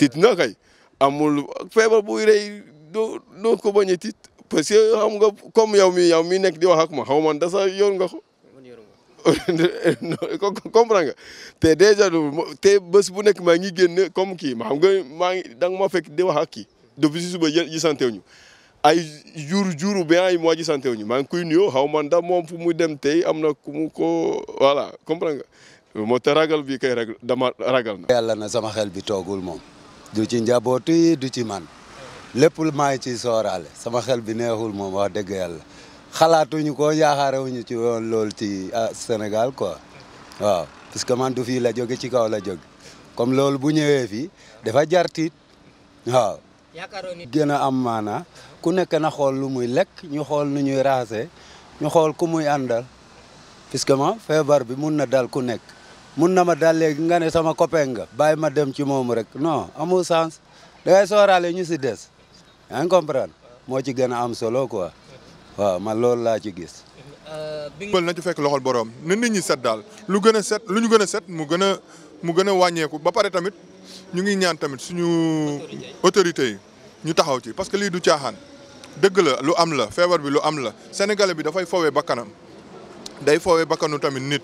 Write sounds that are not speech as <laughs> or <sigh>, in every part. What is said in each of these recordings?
tiit na kay amul feebar bu rey doo doo ko bañ tiit parce que xam nga comme yow mi yow mi nekk di wax ak ma xaw man da sax yor nga ko <laughs> comprendre nga te déjà te bés bu nekk maa ngi génn comme kii ma xam nga maa ngi da nga ma fekk di wax ak kii depuis si suba gisantewuñu ay jour jour bien ay sante gisantewuñu maa ngi koy nuyoo xaw man da moom fu muy dem tey am na ku ko voilà comprendre nga moo tax ragal bi kay ragal dama ragal na na sama xel bi toogul moom du ci njaboot du ci man lépp maa ngi ciy sooraale sama xel bi neexul moom wax dëgg yàlla xalaatuñu ko yaakaarewuñu ci woon loolu ci ah, Sénégal quoi waaw parce que man du fii la joge ci kaw la jóge comme loolu bu ñëwee fii dafa jar tiit waaw. gën am maana ku nekk na xool lu muy lekk ñu xool nu ñuy raxase ñu xool ku muy àndal puisque ma feebar bi mun na dal ku nekk. mun na ma daal léegi nga ne sama copain nga bàyyi ma dem ci moom rek non amu sans da ngay ñu si des yaa ngi comprendre moo ci gën a am solo quoi waaw man loolu laa ci gis. Euh, bël na ci fekk loxol boroom na nit ñi set daal lu gën a set lu ñu gën a set mu gën a mu gën a wàññeeku ba pare tamit ñu ngi ñaan tamit suñu autorités yi ñu taxaw ci parce que lii du caaxaan dëgg la lu am la feebar bi lu am la sénégalais bi dafay foowee bakkanam day foowee bakkanu tamit nit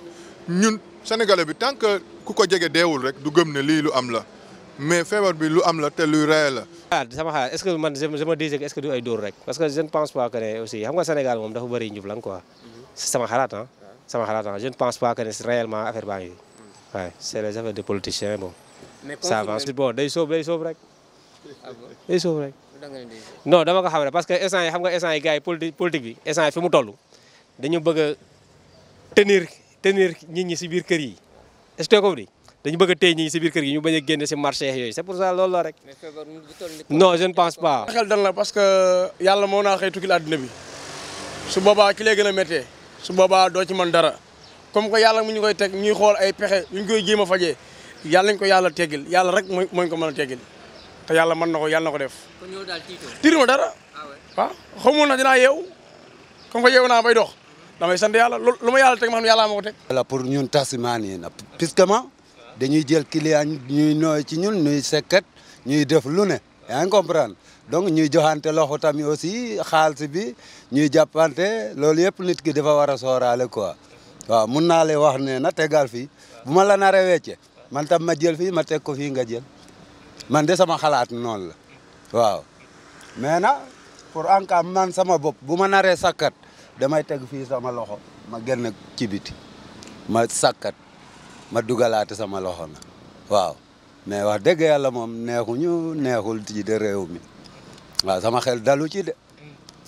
ñun. sénégalais bi tant que ku ko jege deewul rek du gëm ne lii lu am la mais feebar bi lu am la te luy réel la. ah sama xaar est-ce que man je me disais que est-ce que du ay dóor rek parce que je ne pense ne aussi xam nga Sénégal moom dafa bëri njublang quoi sama xalaat sama xalaat ah je ne pense pas que ne réellement affaire baa ngi waaye c'est les affaires de politiciens bon. mais ça va day sóob day sóob rek. Ah day dama ko xam ne parce que instant yi xam nga instant yi gars yi politique bi instant yi fi bëgg a tenir nit ñi si biir kër yi est-ce que compris dañu bëgg a téye nit si biir kër yi ñu bañ a génne si marché yooyu c'est pour ça loolu la rek. non je ne pense pas. xel dal na parce que yàlla moo naa xëy tukkil àddina bi su boobaa ki lay gën a méttee su boobaa doo ci mën dara comme que yàlla mu ñu koy teg ñu xool ay pexe yu ñu koy jéem ma fajee yàlla nañ ko yàlla tegil yàlla rek mooy mooy ko mën a teggil te yàlla mën na ko yàlla na ko def. kon yow daal tiitoo tiituma dara. Ah waaw xamul na dinaa yeew comme que naa bay dox damay sant yàlla lu ma yàlla teg ma xam ne yàlla ma ko teg. voilà pour yi na puisque ma dañuy jël client ñuy nooy ci ñun ñuy sekkat ñuy def lu ne yaa ngi donc ñuy joxante loxo tamit aussi xaalis bi ñuy jàppante loolu yëpp nit ki dafa war a sooraale quoi waaw mun naa le wax ne na tegal fii bu ma la naree wecce man tam ma jël fii ma teg ko fii nga jël man de sama xalaat noonu la waaw mais na pour en cas man sama bopp bu ma naree sakkat. damay teg fii sama loxo ma génn ci biti ma sàkkat ma dugalaat sama loxo na waaw mais wax dëgg yàlla moom neexuñu neexul ci de réew mi waaw sama xel dalu ci de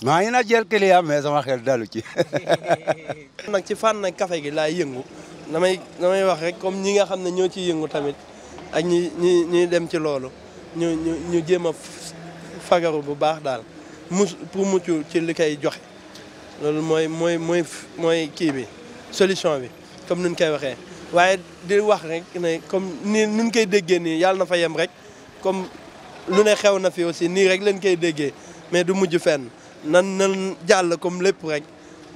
maa ngi na jël client mais sama xel dalu ci <laughs> nag ci fànn nag café gi laay yëngu damay damay wax rek comme ñi nga xam ne ñoo ciy yëngu tamit ak ñi ñuy dem ci loolu ñu ñu jéem a fagaru bu baax daal mus pour mucc ci li koy joxe loolu mooy mooy mooy mooy kii bi solution bi comme nun koy waxee waaye di wax rek ne comme nii nun koy déggee nii yàlla na fa yem rek comme lu ne xew na fi aussi nii rek leen koy déggee mais du mujj fenn nan nan jàll comme lépp rek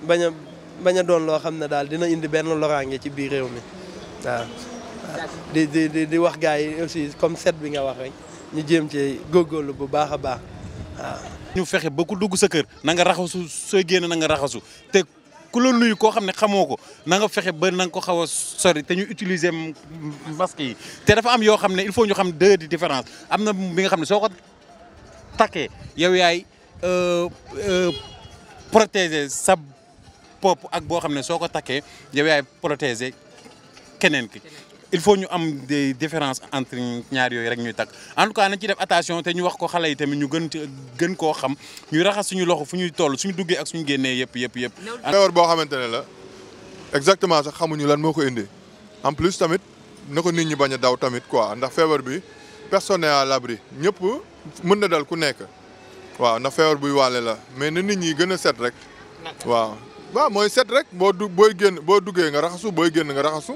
bañ a bañ a doon loo xam ne daal dina indi benn loraange ci biir réew mi waaw di di di wax gars yi aussi comme set bi nga wax rek ñu jéem ci góorgóorlu bu baax a baax waaw ñu fexé ba dugg sa kër na nga raxasu na nga raxasu la nuyu ko xamné na nga utiliser masque il faut ñu deux différence amna bi nga euh, euh, protéger il faut ñu am des différences entre ñaar yoy rek ñuy tak en tout cas nañ ci def attention té ñu wax ko xalé yi tamit ñu gën gën ko xam ñu raxas suñu loxo fu ñuy toll suñu duggé ak suñu génné yépp yépp yépp feebar bo xamantene la exactement sax xamu ñu lan moko indi en plus tamit nako nit ñi baña daw tamit quoi ndax fever bi personne à l'abri ñëpp mën na dal ku nekk waaw na fever bu walé la mais na nit ñi gëna set rek. waaw waaw moy set rek bo du génn bo duggé nga raxasu booy génn nga raxasu.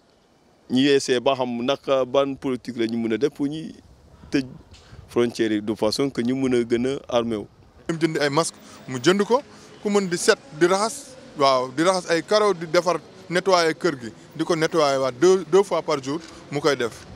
ñu yeesee ba xam naka ban politique la ñu mën a def pour ñu tëj frontières yi de façon que ñu mën a gën a armé wu. mu jënd ay masque mu jënd ko ku mën di set di raxas waaw di raxas ay karo di defar nettoyer kër gi di ko nettoyer waat deux deux fois par jour mu koy def.